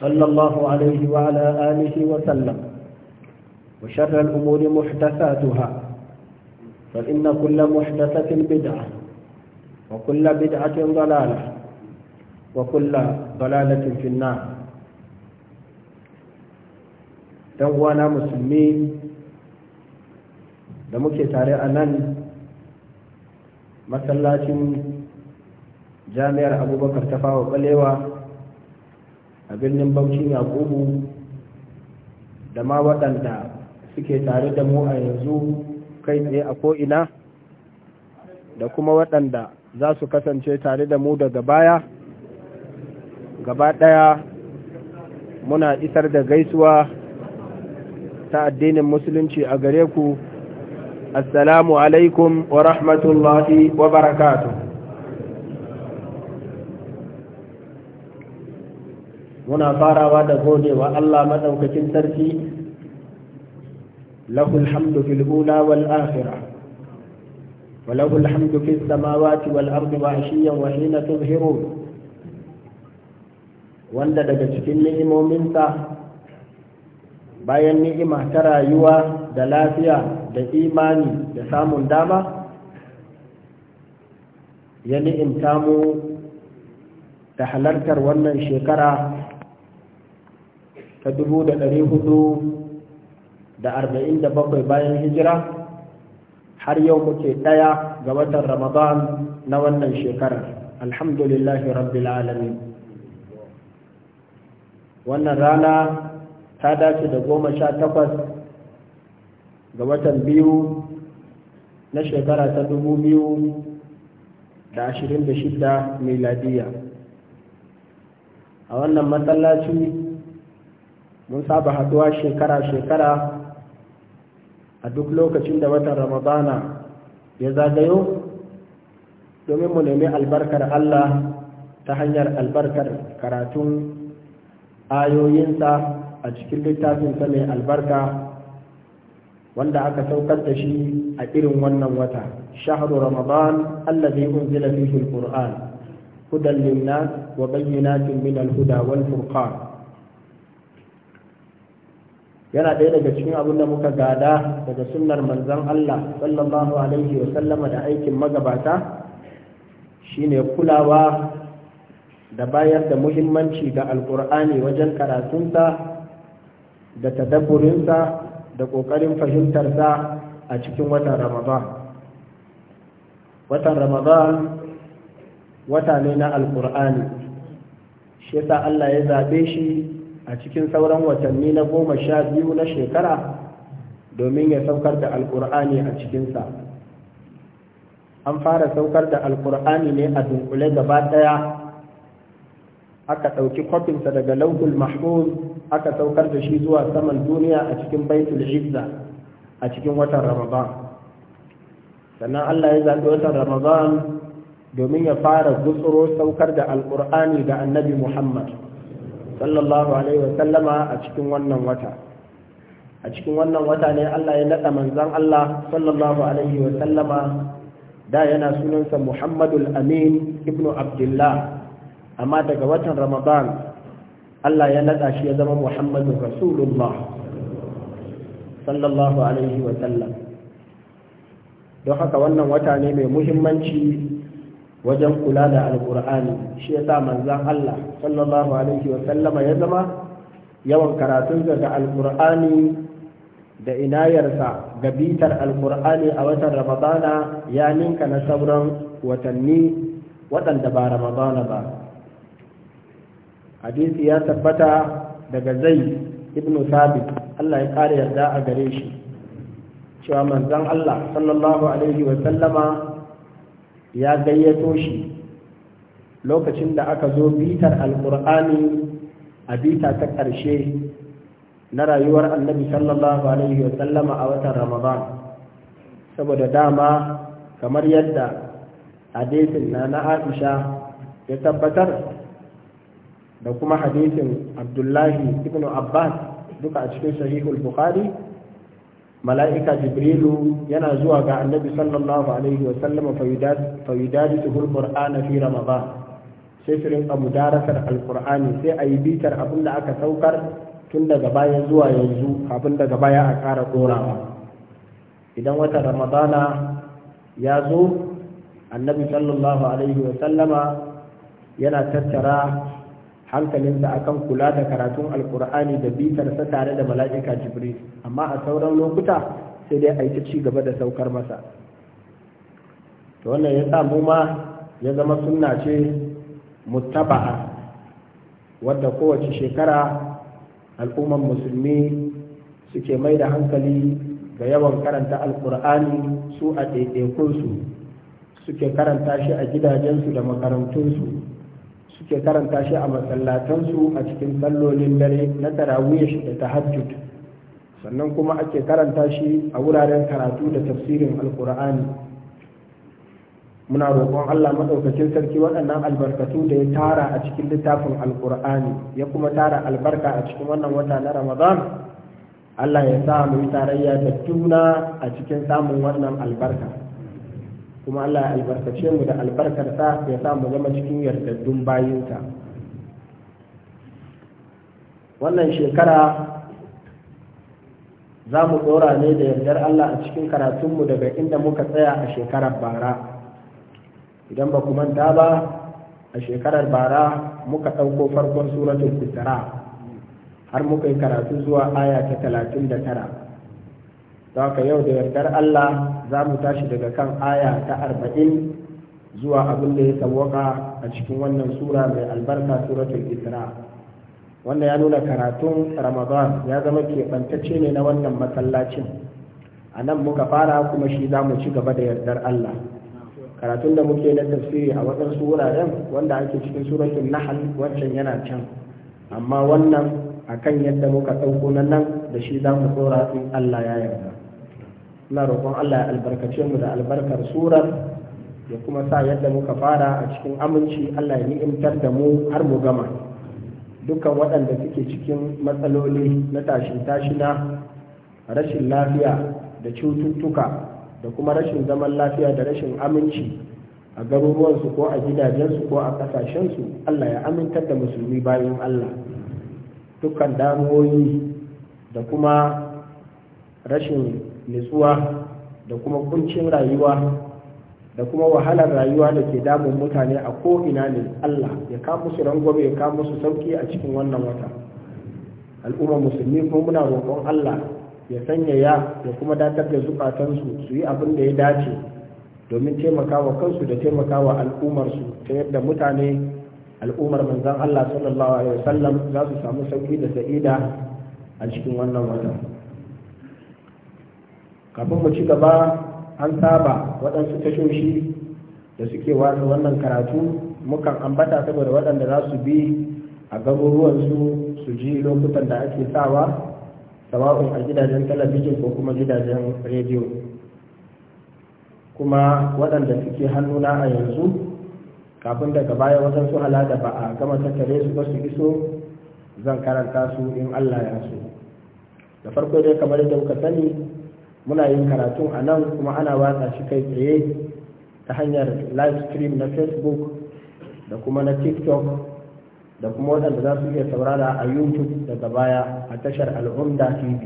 صلى الله عليه وعلى آله وسلم وشر الأمور محدثاتها فإن كل محدثة بدعة وكل بدعة ضلالة وكل ضلالة في النار دوانا مسلمين da muke tare a nan masallacin jami'ar abubakar ta fawa balewa a birnin bauchi yakubu da ma waɗanda suke tare da mu a yanzu kai tsaye a ko'ina da kuma waɗanda za su kasance tare da mu daga baya gaba ɗaya muna isar da gaisuwa ta addinin musulunci a gare ku assalamu alaikum wa rahmatullahi wa barakatuh muna farawa da godewa Allah madaukakin sarki lahu alhamdu fil ula wal akhirah wa lahu alhamdu fis samawati wal ardi wa ashiyan wa hina tuzhirun wanda daga cikin ni'imominsa bayan ni'ima ta rayuwa da lafiya da imani da samun dama ya ni'imta mu da halartar wannan shekara ta dubu da ɗari hudu da arba'in da bakwai bayan hijira har yau muke ɗaya ga watan ramadan na wannan shekarar alhamdulillahi rabbil alamin wannan rana ta dace da goma sha takwas ga watan biyu na shekara ta dubu biyu da ashirin da shida miladiya a wannan matsalaci mun saba haduwa shekara-shekara a duk lokacin da watan ramadana ya zagayo domin mu nemi albarkar allah ta hanyar albarkar karatun ayoyinsa a cikin littafinsa mai albarka wanda aka saukar da shi a irin wannan wata shahru ramadan allazi unzila fihi alquran hudan linnas wa bayyinatin min alhuda wal furqan yana ɗaya daga cikin abin da muka gada daga sunnar manzan Allah sallallahu alaihi wa da aikin magabata shine kulawa da bayar da muhimmanci ga alkur'ani wajen karatunsa da tadabburinsa da ƙoƙarin fahimtarsa a cikin watan ramadan watan ramadan wata ne na alkur'ani shi sa Allah ya zaɓe shi a cikin sauran watanni na goma sha biyu na shekara domin ya saukar da alkur'ani a cikinsa an fara saukar da alkur'ani ne a dunkule gaba ɗaya aka ɗauki kwafinsa daga laukul mahfuz aka saukar da shi zuwa saman duniya a cikin baitul izza a cikin watan ramadan sannan allah ya zaɓi watan ramadan domin ya fara gutsuro saukar da alkur'ani ga annabi muhammad sallallahu alaihi wasallama a cikin wannan wata a cikin wannan wata ne Allah ya nada manzon Allah sallallahu alaihi wasallama da yana sunansa Muhammadul Amin ibn Abdullah amma daga watan Ramadan Allah ya nada shi ya zama Muhammadur Rasulullah sallallahu alaihi wasallam don haka wannan wata ne mai muhimmanci wajen kula da alkur'ani shi yasa manzan Allah sallallahu alaihi wa sallama ya zama yawan karatunsa ga alkur'ani da inayarsa ga bitar alkur'ani a watan ramadana ya ninka na sauran watanni waɗanda ba ramadana ba hadisi ya tabbata daga zai ibn sabit Allah ya kare yarda a gare shi cewa manzan Allah sallallahu alaihi wa sallama ya gayyato shi lokacin da aka zo bitar alkur'ani a bita ta ƙarshe na rayuwar annabi sallallahu alaihi wa sallama a watan ramadan saboda dama kamar yadda hadisin na na aisha ya tabbatar da kuma hadisin abdullahi ibn abbas duka a cikin sahihul bukhari mala'ika jibrilu yana zuwa ga annabi sallallahu alaihi wa sallama fa yudarisuhul qur'ana fi ramadan sai firin mu darasar alqur'ani sai yi bitar abin da aka saukar tun daga baya zuwa yanzu abin daga baya a ƙara dorawa idan watan ramadana ya zo annabi sallallahu alaihi wa sallama yana tattara hankalinsa akan kula da karatun alkur'ani da bitarsa tare da mala'ika jibril amma a sauran lokuta sai dai a yi ta ci gaba da saukar masa to wannan ya samu ma ya zama sunna ce muttaba'a wadda kowace shekara al'umman musulmi suke mai da hankali ga yawan karanta alkur'ani su a ɗaiɗaikunsu suke karanta shi a gidajensu da makarantunsu suke karanta shi a masallatansu a cikin sallolin dare na tarawih da tahajjud sannan kuma ake karanta shi a wuraren karatu da tafsirin alkur'ani muna roƙon allah maɗaukacin sarki waɗannan albarkatu da ya tara a cikin littafin alkur'ani ya kuma tara albarka a cikin wannan wata na ramadan allah ya sa mu tarayya da juna a cikin samun wannan albarka kuma Allah ya albarkace mu da albarkarsa ya sa mu zama cikin yardaddun bayinsa wannan shekara za mu tsora ne da yardar Allah a cikin karatunmu daga inda muka tsaya a shekarar bara idan ba ku manta ba a shekarar bara muka ɗauko farkon suratun fitara har muka yi karatu zuwa aya ta talatin da tara za yau da yardar Allah za mu tashi daga kan aya ta arba'in zuwa abin da ya sawwaka a cikin wannan sura mai albarka suratul isra wanda ya nuna karatun ramadan ya zama keɓantacce ne na wannan masallacin a nan muka fara kuma shi za mu ci gaba da yardar allah karatun da muke na tafsiri a waɗansu wuraren wanda ake cikin suratul nahal wancan yana can amma wannan akan yadda muka ɗauko na nan da shi za mu tsora in allah ya yarda na roƙon Allah ya albarkace mu da albarkar surar ya kuma sa yadda muka fara a cikin aminci Allah ya ni'imtar da mu har mu gama dukkan waɗanda suke cikin matsaloli na tashin tashina rashin lafiya da cututtuka da kuma rashin zaman lafiya da rashin aminci a garuruwansu ko a gidajensu ko a ƙasashensu Allah ya amintar da musulmi bayan Allah dukkan damuwoyi da kuma rashin nutsuwa da kuma kuncin rayuwa da kuma wahalar rayuwa da ke damun mutane a ko'ina ne Allah ya kama musu rangwame ya kama musu sauki a cikin wannan wata al'ummar musulmi kuma muna roƙon Allah ya sanya ya ya kuma datar da zukatansu su yi abin da ya dace domin taimakawa kansu da taimakawa al'ummarsu ta yadda mutane al'ummar manzan Allah sallallahu alaihi wasallam za su samu sauki da sa'ida a cikin wannan wata. kafin mu ci gaba an saba waɗansu tashoshi da suke watsa wannan karatu mukan ambata saboda waɗanda za su bi a gaburuwansu su ji lokutan da ake sawa sawa'un a gidajen talabijin ko kuma gidajen rediyo kuma waɗanda suke hannuna a yanzu kafin daga baya wajen su halada ba a gama tattare su ba su iso zan karanta su in Allah ya so da farko dai kamar yadda kuka sani muna yin karatun a nan kuma ana watsa shi kai tsaye ta hanyar live stream na facebook da kuma na tiktok da kuma waɗanda za su iya saurara a youtube daga baya a tashar al'umda tv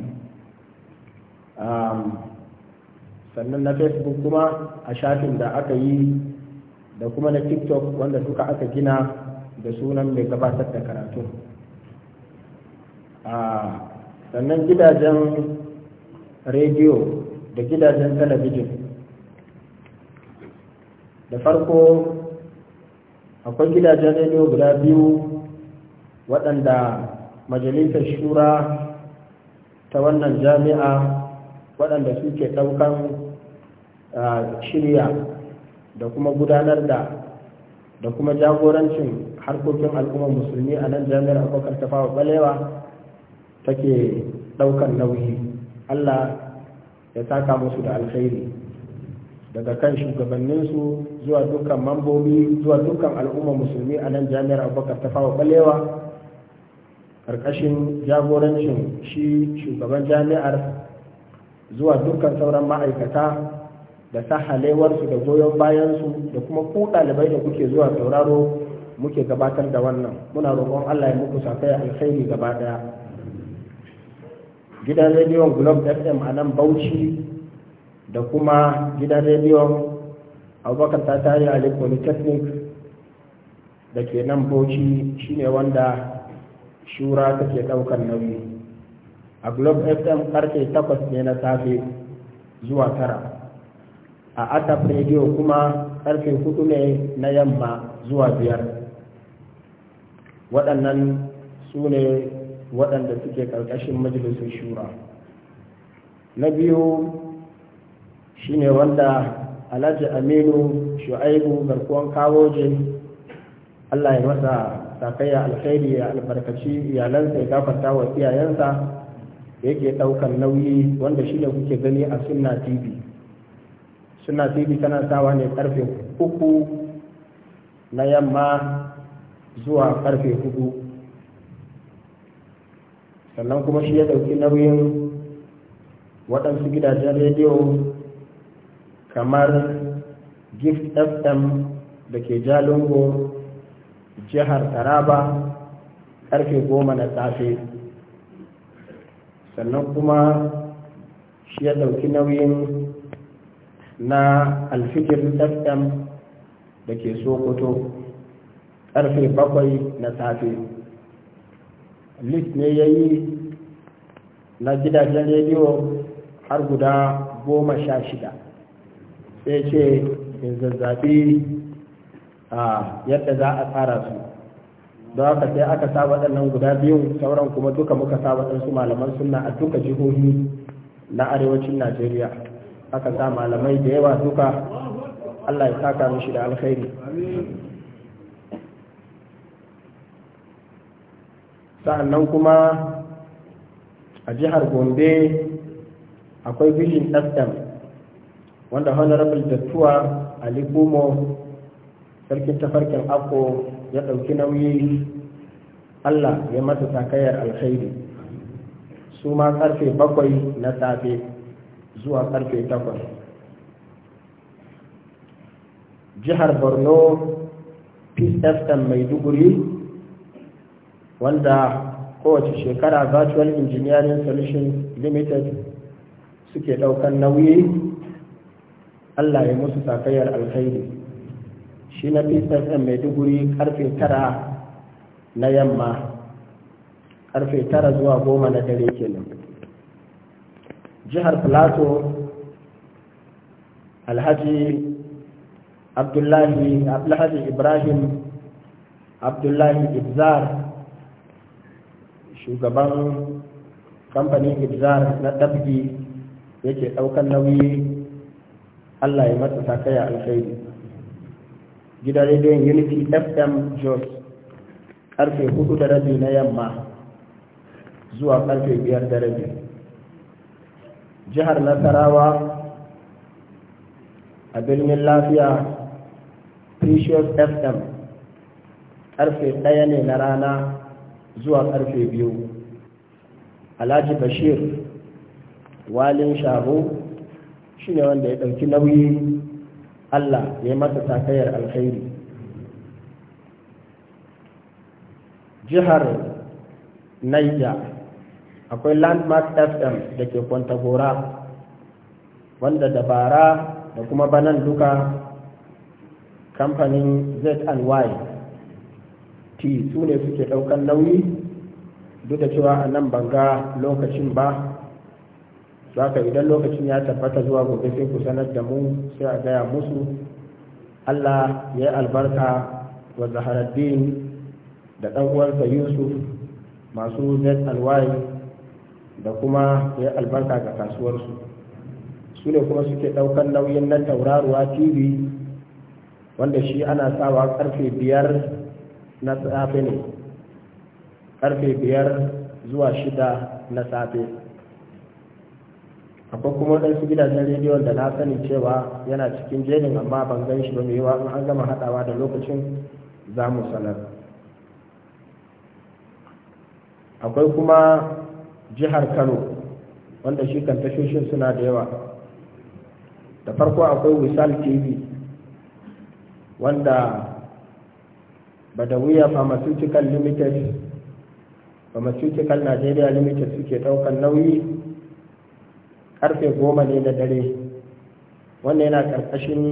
sannan na facebook kuma a shafin da aka yi da kuma na tiktok wanda duka aka gina da sunan mai gabatar da karatu sannan gidajen rediyo da gidajen talabijin da farko akwai gidajen rediyo guda biyu waɗanda majalisar shura ta wannan jami'a waɗanda suke ɗaukan shirya da kuma gudanar da da kuma jagorancin harkokin al'ummar musulmi a nan jami'ar abokar tafawa balewa take ɗaukan nauyi Allah ya saka musu da alkhairi daga kan shugabanninsu zuwa dukkan mambobi zuwa dukkan al'umma musulmi a nan jami'ar abubakar ta fawa balewa ƙarƙashin jagorancin shi shugaban jami'ar zuwa dukkan sauran ma'aikata da sahalewarsu da goyon bayansu da kuma ku ɗalibai da kuke zuwa sauraro muke gabatar da wannan muna roƙon allah ya muku safaya alkhairi gaba ɗaya gidan rediyon globe fm a nan bauchi da kuma gidan rediyon abubakar ta tare a polytechnic da ke nan bauchi shine wanda shura ke ɗaukar nauyi a globe fm karfe 8 ne na safe zuwa tara a atap radio kuma karfe 4 ne na yamma zuwa biyar waɗannan su ne waɗanda suke ƙarƙashin majalisun shura na biyu shine wanda alhaji aminu shu'aibu garkuwan kawoje allah ya masa sakayya alkhairi ya albarkaci iyalansa ya gafarta wa iyayensa yake ɗaukar nauyi wanda shine kuke gani a sunna tv sunna tv tana sawa ne karfe uku na yamma zuwa karfe hudu sannan kuma shi ya ɗauki nauyin waɗansu gidajen rediyo kamar gift fm da ke jalingo jihar taraba ƙarfe goma na safe sannan kuma shi ya ɗauki nauyin na alfikir fm da ke sokoto ƙarfe bakwai na safe list ne ya yi na gidajen rediyo har guda goma sha shida sai ce in zazzabi a yadda za a tsara su don haka sai aka sa waɗannan guda biyu sauran kuma duka muka sa waɗansu malaman suna a duka jihohi na arewacin najeriya aka sa malamai da yawa duka allah ya saka mishi da alkhairi sa'annan kuma a jihar gombe akwai vision fm wanda honorable dattuwa ali kumo sarkin tafarkin ako ya ɗauki nauyi allah ya masa takayar alkhairi su ma karfe bakwai na safe zuwa karfe takwas jihar borno peace fm maiduguri wanda kowace shekara virtual engineering solution limited suke ɗaukar nauyi allah ya musu sakayyar alkhairi shi na psm maiduguri karfe tara na yamma karfe tara zuwa goma na dare kenan jihar plato alhaji abdullahi ibrahim abdullahi ibzar shugaban kamfanin ibzar na dabgi yake ɗaukar nauyi allah ya masa sakaya alkhairi gidan rediyon unity fm jos karfe hudu da rabi na yamma zuwa karfe biyar da rabi jihar nasarawa a birnin lafiya precious fm karfe ɗaya ne na rana zuwa karfe biyu alhaji bashir walin shi ne wanda ya ɗauki nauyi allah ya yi masa takayar alkhairi jihar naija akwai landmark fm da ke kwantagora wanda dabara da kuma banan duka kamfanin z&y ti su ne suke ɗaukan nauyi duk da cewa a nan banga lokacin ba za ka idan lokacin ya tabbata zuwa gobe sai ku sanar da mu sai a gaya musu allah ya yi albarka wa zaharaddin da ɗan uwansa yusuf masu alwai da kuma ya yi albarka ga kasuwarsu su ne kuma suke ɗaukan nauyin na tauraruwa tv wanda shi ana sawa karfe biyar na safe ne karfe biyar zuwa shida na safe akwai kuma waɗansu gidajen rediyon da na sani cewa yana cikin jerin amma ban gan shi ba mai yawa in an gama haɗawa da lokacin za mu sanar akwai kuma jihar kano wanda shi kan tashoshin suna da yawa da farko akwai wisal tv wanda badawiya pharmaceutical limited pharmaceutical nigeria limited suke ɗaukar nauyi karfe goma ne da dare wannan yana ƙarƙashin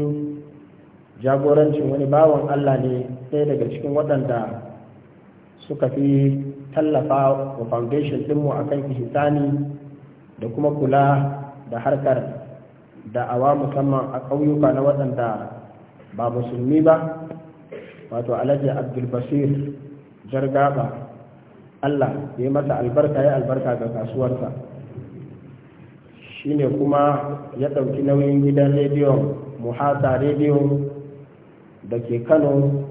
jagorancin wani bawan allah ne ɗaya daga cikin waɗanda suka fi tallafa wa foundation ɗinmu a kan ihisani da kuma kula da harkar da'awa musamman a ƙauyuka na waɗanda ba musulmi ba wato alhaji abdulbasir jargaba allah ya yi masa albarka ya albarka ga kasuwarsa shine kuma ya ɗauki nauyin gidan rediyon muhasa rediyo da ke kano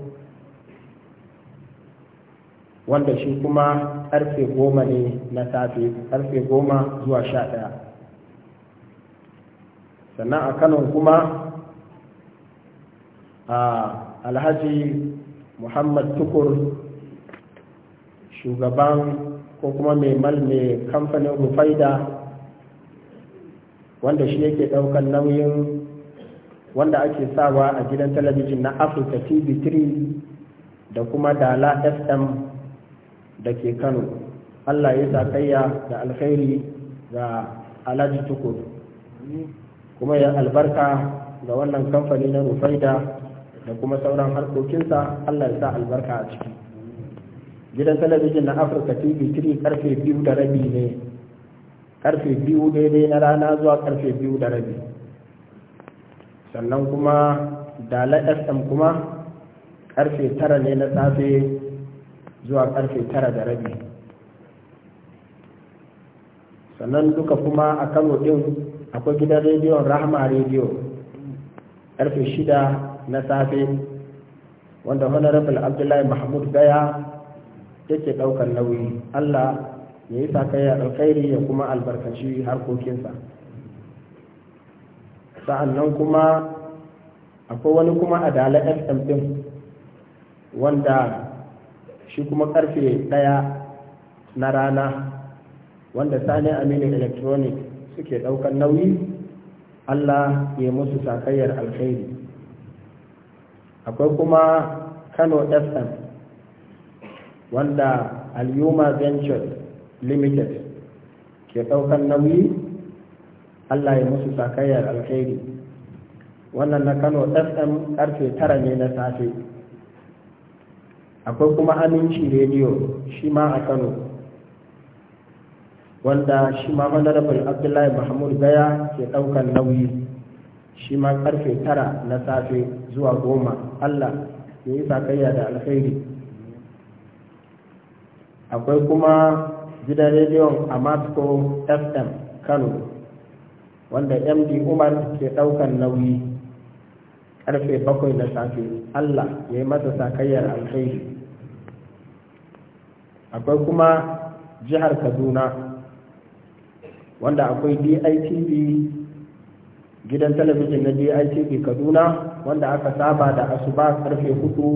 wanda shi kuma karfe goma ne na safe karfe goma zuwa sha ɗaya sannan a kano kuma a alhaji muhammad tukur shugaban ko kuma mai malme kamfanin rufaida wanda shi yake daukan nauyin wanda ake sawa a gidan talabijin na africa tv3 da kuma dala fm da ke kano allah ya sakayya da alkhairi ga alhaji tukur kuma ya albarka ga wannan kamfani na rufaida da kuma sauran harkokinsa Allah ya sa albarka a ciki gidan talabijin na Afirka TV 3 karfe biyu da rabi ne karfe biyu daidai na rana zuwa karfe biyu da rabi sannan kuma dala fm kuma karfe tara ne na safe zuwa karfe tara da rabi sannan duka kuma a kano din akwai gidan rediyon rahama rediyo karfe shida na safe wanda honorable abdullahi mahmud gaya yake ɗaukar nauyi allah ya yi sakayya alkhairi ya kuma albarkaci harkokinsa sa'annan kuma akwai wani kuma adala fm din wanda shi kuma karfe ɗaya na rana wanda sani aminu electronic suke ɗaukar nauyi allah ya musu sakayyar alkhairi akwai kuma kano fm wanda alyuma ventures limited ke ɗaukar nauyi allah ya musu sakayyar alkhairi wannan na kano fm karfe tara ne na safe akwai kuma aminci Radio shi ma a kano wanda shi ma honorable abdullahi mahmud gaya ke ɗaukar nauyi shi ma karfe tara na safe zuwa goma Allah ya yi sakayya da alkhairi akwai kuma gidan rediyon masko fm kano wanda md umar ke ɗaukan nauyi karfe bakwai na safe Allah ya yi masa sakayyar alkhairi akwai kuma jihar kaduna wanda akwai DITV gidan talabijin na DITV Kaduna wanda aka saba da asuba karfe hudu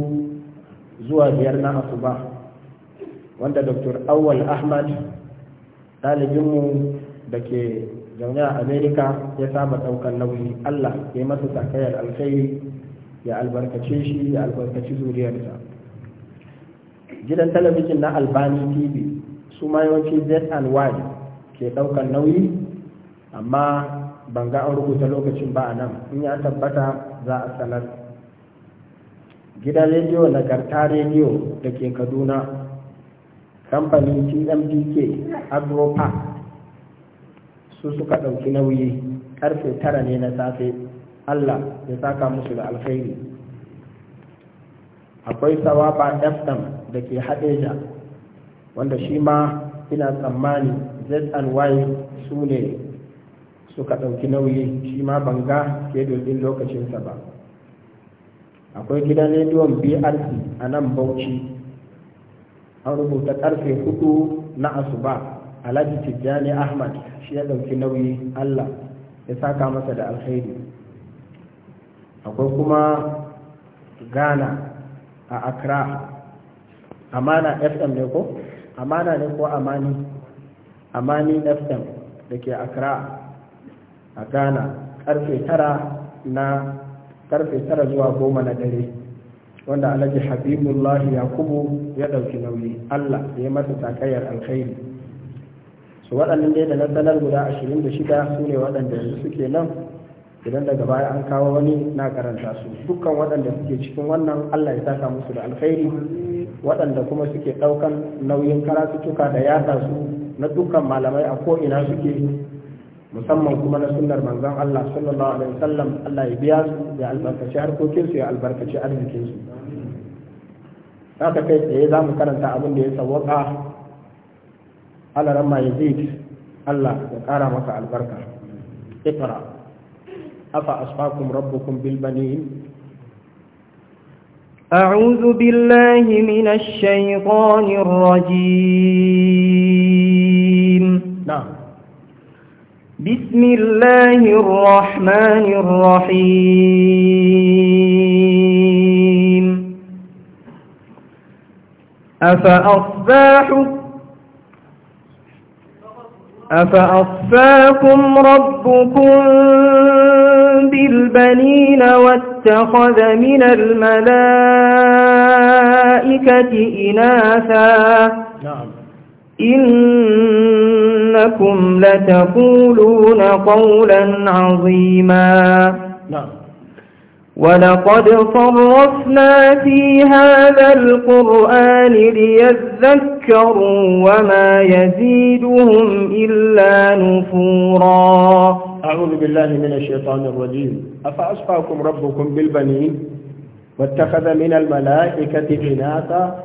zuwa biyar na asuba wanda Dr. Awal Ahmad ɗalibinmu da ke zaune a Amerika ya saba daukan nauyi Allah ya yi masa sakayar alkhairi ya albarkace shi ya albarkaci zuriyarsa gidan talabijin na Albani TV su ma yawanci Z ke ɗaukar nauyi amma ban ga an rubuta lokacin ba a nan in ya tabbata za a sanar gidan rediyo nagarta rediyo da ke kaduna kamfanin tmpk Park su suka ɗauki nauyi karfe tara ne na safe allah ya saka musu da alkhairi akwai sawaba fm da ke haɗeja, wanda shi ma ina tsammani z and su ne suka ɗauki nauyi shi ma ban ga kedul ɗin lokacinsa ba akwai gidan rediyon brc a nan bauchi an rubuta ƙarfe hudu na asuba alhaji tijjani ahmad shi ya ɗauki nauyi allah ya saka masa da alkhairi akwai kuma ghana a accra amana fm ne ko amana ne ko amani amani fm da ke accra a ghana karfe tara na karfe tara zuwa goma na dare wanda alhaji habibullahi yakubu ya dauki nauyi allah ya masa takayar alkhairi su waɗannan dai da na guda ashirin da shida su ne waɗanda yanzu suke nan idan daga baya an kawo wani na karanta su dukkan waɗanda suke cikin wannan allah ya saka musu da alkhairi waɗanda kuma suke ɗaukan nauyin tuka da yasa su na dukkan malamai a ko'ina suke musamman kuma na sunnar manzon Allah sallallahu alaihi wasallam Allah ya biya su ya albarkaci harkokin su ya albarkaci arzikin su haka kai tsaye za mu karanta abin da ya sawwaka ala ramma yazid Allah ya kara maka albarka iqra afa asfakum rabbukum bil banin أعوذ بالله من الشيطان الرجيم نعم بسم الله الرحمن الرحيم أفأصباحوا أفأصفاكم ربكم بالبنين واتخذ من الملائكة إناثا نعم إنكم لتقولون قولا عظيما نعم ولقد صرفنا في هذا القرآن ليذكروا وما يزيدهم إلا نفورا أعوذ بالله من الشيطان الرجيم أفأصفاكم ربكم بالبنين واتخذ من الملائكة إناثا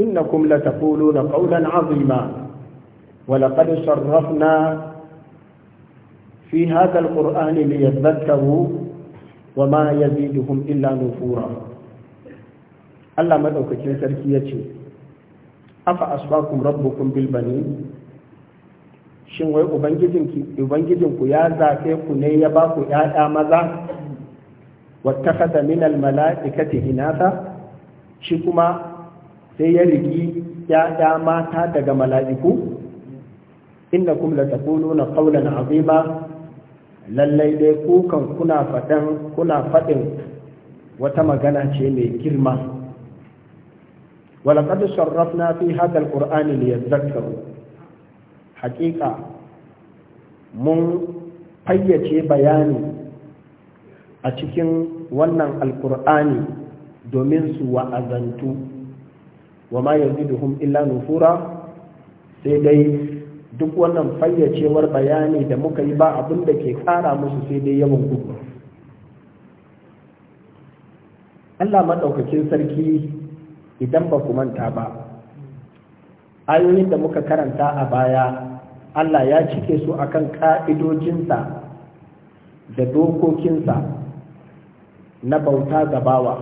إنكم لتقولون قولا عظيما ولقد صرفنا في هذا القرآن ليذكروا وما يزيدهم إلا نفورا Allah madaukakin sarki ya ce afa asbakum rabbukum bil banin shin wai ubangijinki ubangijinku ya zafe ku ne ya ba ku ƴaƴa maza wattakhadha min al mala'ikati inatha shi kuma sai ya rigi ƴaƴa mata daga mala'iku innakum latakuluna qawlan azima lallai dai kukan kuna faɗin kuna faɗin wata magana ce mai girma walaƙad sarrafna fi hada alƙur'ani li yadhakkaru haƙiƙa mun fayyace bayani a cikin wannan alƙur'ani domin su wa'azantu wa ma yaziduhum illa nufura sai dai duk wannan fayyacewar bayani da muka yi ba abin da ke kara musu sai dai yawan gudu Allah maɗaukakin sarki idan ba ku manta ba ayoyin da muka karanta a baya Allah ya cike su akan ƙa'idojinsa da dokokinsa na bauta gabawa. bawa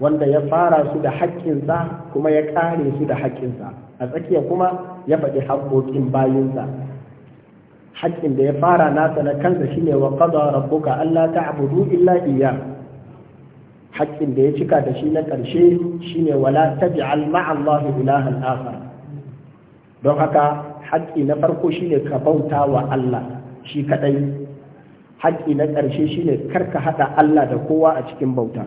wanda ya fara su da haƙƙinsa kuma ya ƙare su da haƙƙinsa a tsakiya kuma ya faɗi haƙƙoƙin bayinsa haƙƙin da ya fara nasa na kansa shine wa qada rabbuka alla ta'budu illa iyyah haƙƙin da ya cika da shi na ƙarshe ne wala taj'al ma'a allahi ilahan akhar don haka haƙƙi na farko ne ka bauta wa Allah shi kaɗai. haƙƙi na ƙarshe shine karka haɗa Allah da kowa a cikin bauta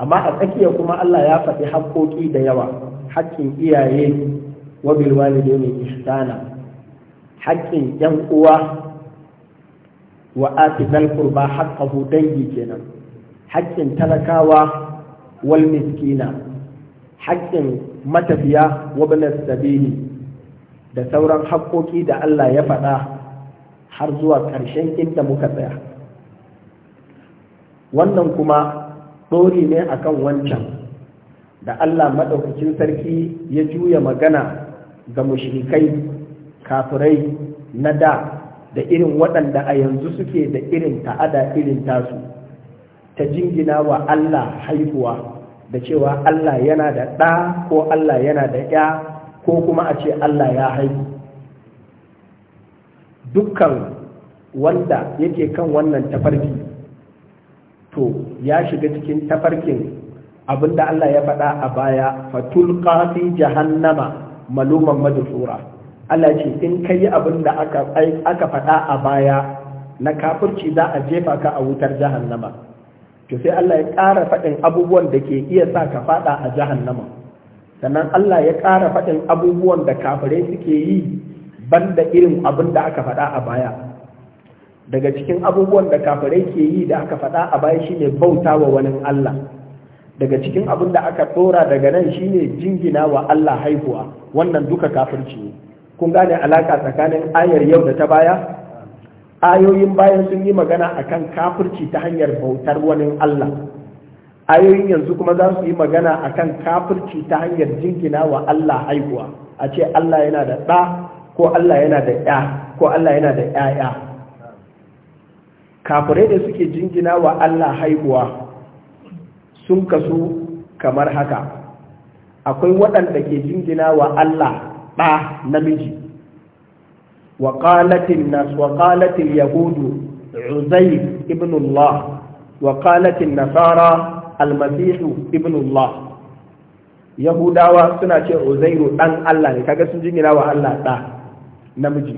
amma a tsakiya kuma Allah ya faɗi haƙoƙi da yawa haƙƙin iyaye wa bil walidaini ihsana haƙƙin yan uwa wa ati dal qurba haqqahu dangi kenan haƙƙin talakawa wal miskina haƙƙin matafiya wa bin sabili da sauran haƙƙoƙi da Allah ya faɗa har zuwa ƙarshen inda muka tsaya wannan kuma ɗori ne a kan wancan da Allah maɗaukacin sarki ya juya magana ga mushrikai kafirai na da da irin waɗanda a yanzu suke da irin ta'ada irin tasu ta jingina wa Allah haihuwa da cewa Allah yana da ɗa ko Allah yana da ya ko kuma a ce Allah ya haihu dukkan wanda yake kan wannan tafarki to ya shiga cikin tafarkin abinda Allah ya faɗa a baya fatul fi jahannama maluman madhura Allah ce in kai abinda aka aka faɗa a baya na kafirci za a jefa ka a wutar jahannama to sai Allah ya ƙara faɗin abubuwan da ke iya sa ka faɗa a jahannama sannan Allah ya ƙara faɗin abubuwan da kafirai suke yi banda irin abin da aka faɗa a baya daga cikin abubuwan da kafirai ke yi da aka faɗa a baya ne bauta wa wani Allah daga cikin abin da aka ɗora daga nan shi ne jingina wa Allah haihuwa wannan duka kafirci ne kun gane alaka tsakanin ayar yau da ta baya ayoyin bayan sun yi magana akan kafirci ta hanyar bautar wani Allah ayoyin yanzu kuma za su yi magana akan kafirci ta hanyar jingina wa Allah haihuwa a ce Allah yana da ɗa ko Allah yana da ƴa ko Allah yana da ƴaƴa kafirai da suke jingina wa Allah haihuwa sun kasu kamar haka akwai waɗanda ke jingina wa Allah ɗa namiji Waƙalatin nas yahudu Uzai ibn waƙalatin nasara almasihu masih yahudawa suna ce uzairu dan Allah ne kaga sun jingina wa Allah ɗa namiji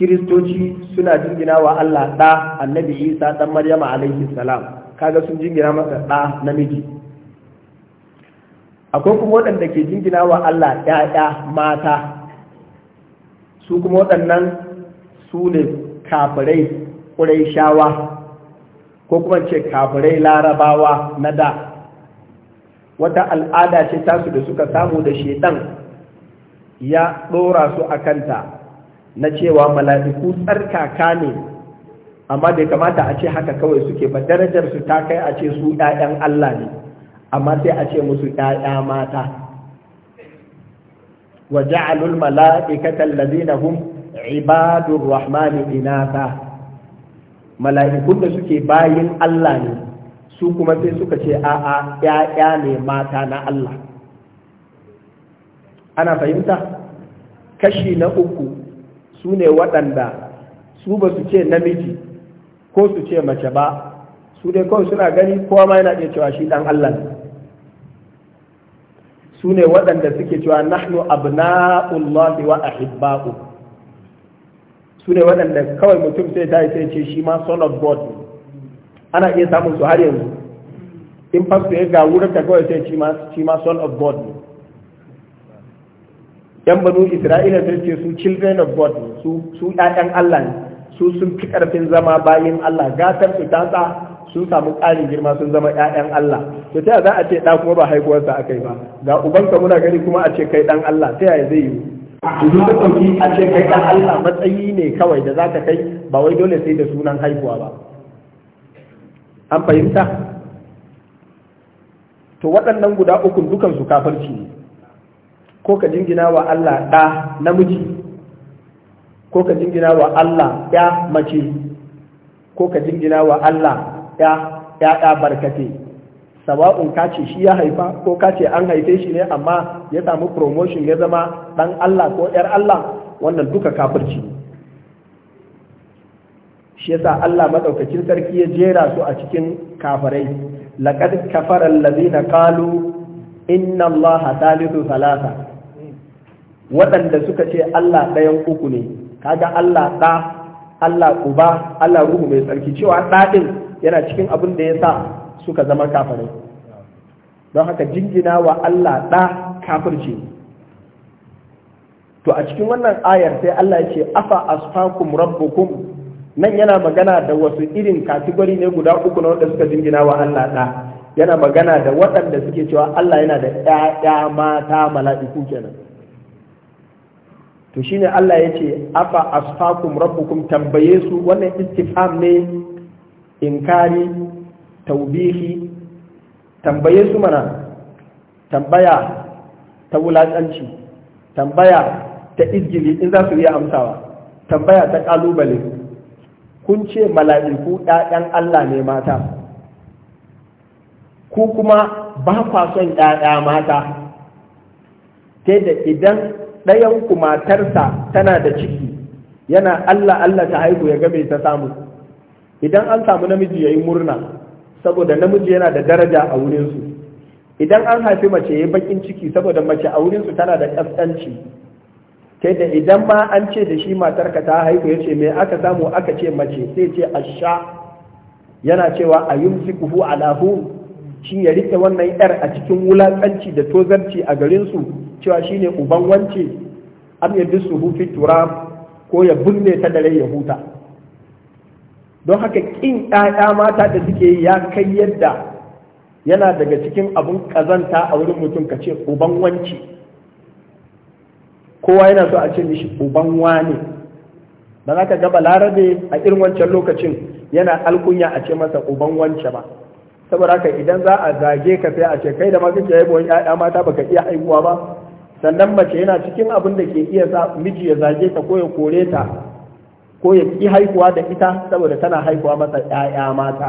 kiristoci suna jingina wa Allah ɗa annabi Isa ɗan Maryama alaihi salam kaga sun jingina masa ɗa namiji akwai kuma waɗanda ke jingina wa Allah ɗaya mata su kuma waɗannan su ne kafirai shawa, ko kuma ce kafirai larabawa na da wata al'ada ce tasu da suka samu da shedan ya ɗora su a kanta na cewa mala'iku tsarkaka ne amma bai kamata a ce haka kawai suke ba darajar su ta kai a ce su ‘ya'yan Allah ne amma sai a ce musu ‘ya'ya mata wa ja'alul mala'ikatan lazina hum ibadur rahmani inata mala'ikun da suke bayin Allah ne su kuma sai suka ce a'a ‘ya'ya ne mata na Allah ana fahimta kashi na uku su ne waɗanda su ba su ce namiji ko su ce mace ba su dai kawai suna gani kowa ma yana iya cewa shi ɗan Allah su ne waɗanda suke cewa nahnu abna'ullahi wa ahibba'u su ne waɗanda kawai mutum sai ta sai ce shi ma son of god ana iya samun su har yanzu in fasto ya ga wurin ta kawai sai shi ma son of god ne dan banu isra'ila sun ce su children of god su su ƴaƴan allah ne su sun fi ƙarfin zama bayan allah gatar su sun samu ƙarin girma sun zama ƴaƴan allah to ta za a ce ɗa kuma ba haihuwarsa aka yi ba ga ubanka muna gani kuma a ce kai ɗan allah ta yaya zai yi Su a ce kai allah matsayi ne kawai da za kai ba wai dole sai da sunan haihuwa ba an fahimta to waɗannan guda ukun dukansu kafarci ne ko ka jingina wa Allah ɗa namiji ko ka jingina wa Allah ya mace ko ka jingina wa Allah ya ya barkate sawa'un ka ce shi ya haifa ko ka an haife shi ne amma ya samu promotion ya zama ɗan Allah ko yar Allah wannan duka kafirci shi yasa Allah madaukakin sarki ya jera su a cikin kafirai laqad kafara na qalu inna Allah thalithu thalatha waɗanda suka ce Allah ɗayan uku ne kaga Allah ɗa Allah uba Allah ruhu mai tsarki cewa ɗaɗin yana cikin abin da ya sa suka zama kafirai don haka jingina wa Allah ɗa ce. to a cikin wannan ayar sai Allah ya ce afa asfakum rabbukum nan yana magana da wasu irin kategori ne guda uku na waɗanda suka jingina wa Allah ɗa yana magana da waɗanda suke cewa Allah yana da ‘ya'ya mata mala'iku kenan to shine Allah ya ce afa asfakum rabbukum tambaye su wannan istifham ne inkari taubihi tambaye su mana tambaya ta wulatsanci, tambaya ta izgili in za su iya amsawa tambaya ta ƙalubale kun ce mala'iku ɗaɗan Allah ne mata ku kuma ba kwa son ɗaɗa mata ta da idan ɗayan ku matarsa tana da ciki yana Allah Allah ta haihu ya gabe ta samu idan an samu namiji ya yi murna saboda namiji yana da daraja a wurinsu idan an haifi mace ya yi bakin ciki saboda mace a wurinsu tana da ƙasƙanci sai da idan ma an ce da shi matarka ta haihu ya ce me aka samu aka ce mace sai ce asha yana cewa a yi yumsikuhu alahu shi ya rike wannan yar a cikin wulaƙanci da tozarci a garinsu cewa shi ne uban wance am yadda su hufi tura ko ya binne ta da ya huta don haka ƙin ɗaya mata da suke yi ya kai yadda yana daga cikin abun kazanta a wurin mutum ka ce uban wance kowa yana so a ce mishi uban wane ba za ka gaba Larabe a irin wancan lokacin yana alkunya a ce masa uban wance ba saboda haka idan za a zage ka sai a ce kai da ma kake haihuwar 'ya'ya mata baka iya haihuwa ba sannan mace yana cikin abin da ke iya sa miji ya zage ta ko ya kore ta ko ya ki haihuwa da ita saboda tana haihuwa masa ‘ya'ya mata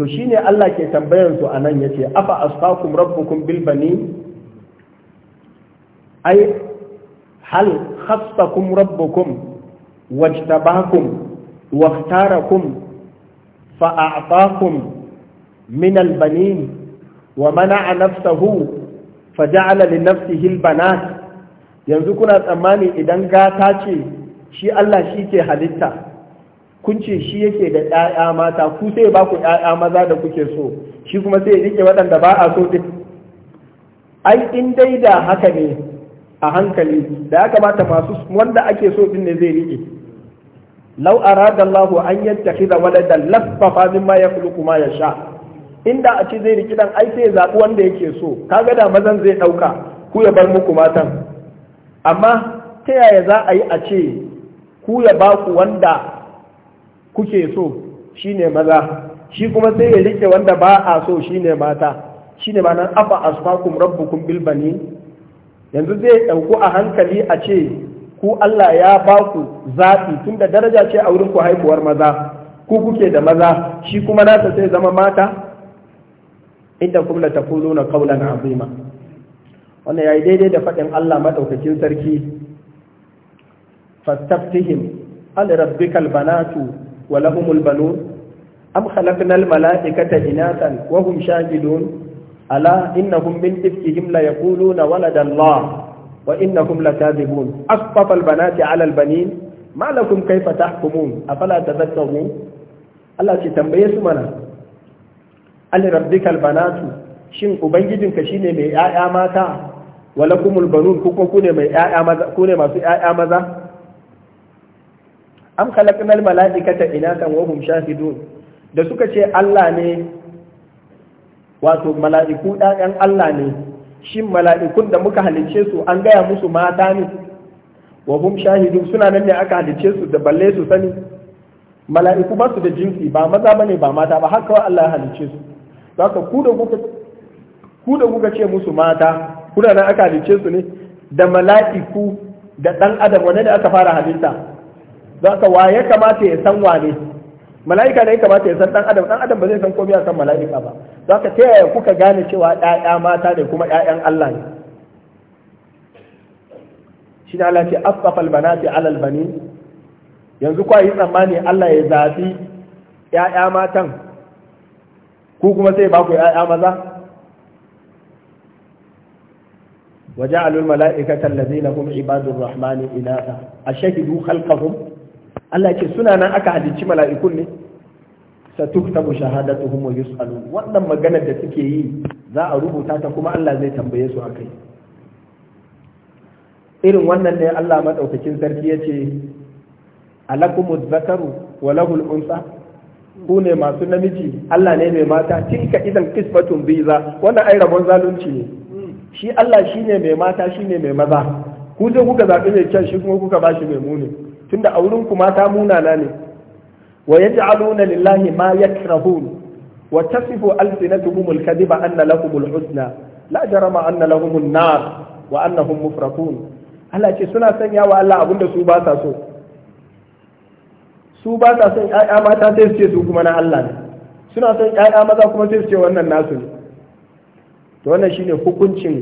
to shine Allah ke tambayar su a nan ya ce afa asfakum rabbukum bilbani ai hal khassakum rabbukum wajtabakum واختاركم فأعطاكم من البنين wa mana a nafsahu faja'ala li nafsihi albanat yanzu kuna tsammani idan gata ce shi Allah shi ke halitta kun ce shi yake da ƴaƴa mata ku sai ba ku ƴaƴa maza da kuke so shi kuma sai ya rike waɗanda ba a so din ai in dai da haka ne a hankali da ya kamata masu wanda ake so din ne zai rike law arada Allahu an yattakhidha waladan laffafa mimma yakhluqu ma sha. inda a ce zai riki ɗan, ai sai ya zaɓi wanda yake so kaga da mazan zai ɗauka ku ya bar muku matan amma ta yaya za a yi a ce ku ya ba ku wanda kuke so ne maza shi kuma sai ya rike wanda ba a so Shi ne mata Shi ne manan afa asfakum rabbukum bil yanzu zai ɗauku a hankali a ce ku Allah ya ba ku zaɓi tunda daraja ce a wurin ku haihuwar maza ku kuke da maza shi kuma nasa sai zama mata inda kuma la taquluna qawlan azima wannan yayi daidai da faɗin Allah madaukakin sarki fastaftihim al rabbikal banatu wa lahumul banun am khalaqnal malaikata inatan wa hum shahidun ala innahum min ifkihim la yaquluna walada Allah wa innahum lakadibun asfafa banati ala al banin ma lakum kayfa tahkumun afala tadhakkarun Allah ce tambaye su mana alirabbikal banatu shin ubangijinka shine mai ‘ya'ya mata walakumul banun kuka ku ne masu ‘ya'ya maza am khalaqnal mala'ikata inatan wa hum shahidun da suka ce Allah ne wato mala'iku ‘ya'yan Allah ne shin mala'ikun da muka halicce su an gaya musu mata ne wa hum shahidun suna nan ne aka halicce su da balle su sani mala'iku ba su da jinsi ba maza bane ba mata ba haka Allah ya halicce su haka ku da kuka ce musu mata kuna nan aka halice su ne da mala'iku da dan adam wanda da aka fara halitta ka wa ya kamata ya san wane mala'ika ne ya kamata ya san dan adam dan adam ba zai san komai san mala'ika ba za ka ta yaya kuka gane cewa ɗaya mata ne kuma ɗayan Allah ne shi ne Allah ce asfafal banati alal bani yanzu kwa yi tsammani Allah ya zafi ‘ya'ya matan ku kuma sai ba ku ya'ya maza وجعلوا الملائكة الذين هم عباد الرحمن إناثا أشهدوا خلقهم الله يكي سنانا أكا حديث ملائكون ستكتب شهادتهم ويسألون وأنما مغانا دا سكي ذا أروه تاتكما الله زي تنبيسوا أكي إذن wannan ne Allah madaukakin sarki ya ce alakumuz zakaru wa lahul unsa ku ne masu namiji Allah ne mai mata tilka idan kismatun biza wannan ai rabon zalunci ne shi Allah shine mai mata shine mai maza ku je kuka zaɓi mai kyan shi kuma kuka bashi mai muni tunda a wurin ku mata munana ne wa yaj'aluna lillahi ma yakrahun wa tasifu alsinatuhum alkadiba anna lahum alhusna la jarama anna lahum nar wa annahum mufrakun Allah ce suna sanya wa Allah abinda su ba sa so su ba sa son ƴaƴa mata sai su ce su kuma na Allah ne suna son ƴaƴa maza kuma sai su ce wannan nasu ne to wannan shine hukuncin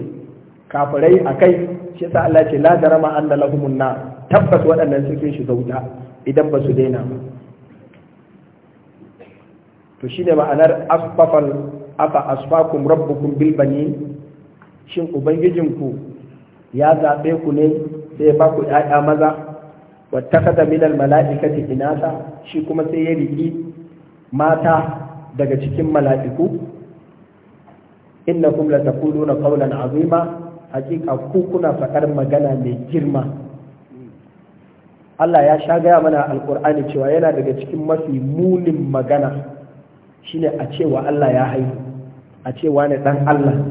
kafirai akai shi yasa Allah ce la darama anna lahumun na tabbas waɗannan suke shi zauta idan ba su daina ba to shine ma'anar asfafal afa asfakum rabbukum bil banin shin ubangijinku ya zaɓe ku ne sai baku ba ku ƴaƴa maza wattakaza min almalaikati inasa shi kuma sai ya riki mata daga cikin mala'iku innakum lataquluna qawlan azima hakika ku kuna faɗar magana mai girma Allah ya sha gaya mana alkur'ani cewa yana daga cikin mafi munin magana shine a cewa Allah ya haihu a cewa ne dan Allah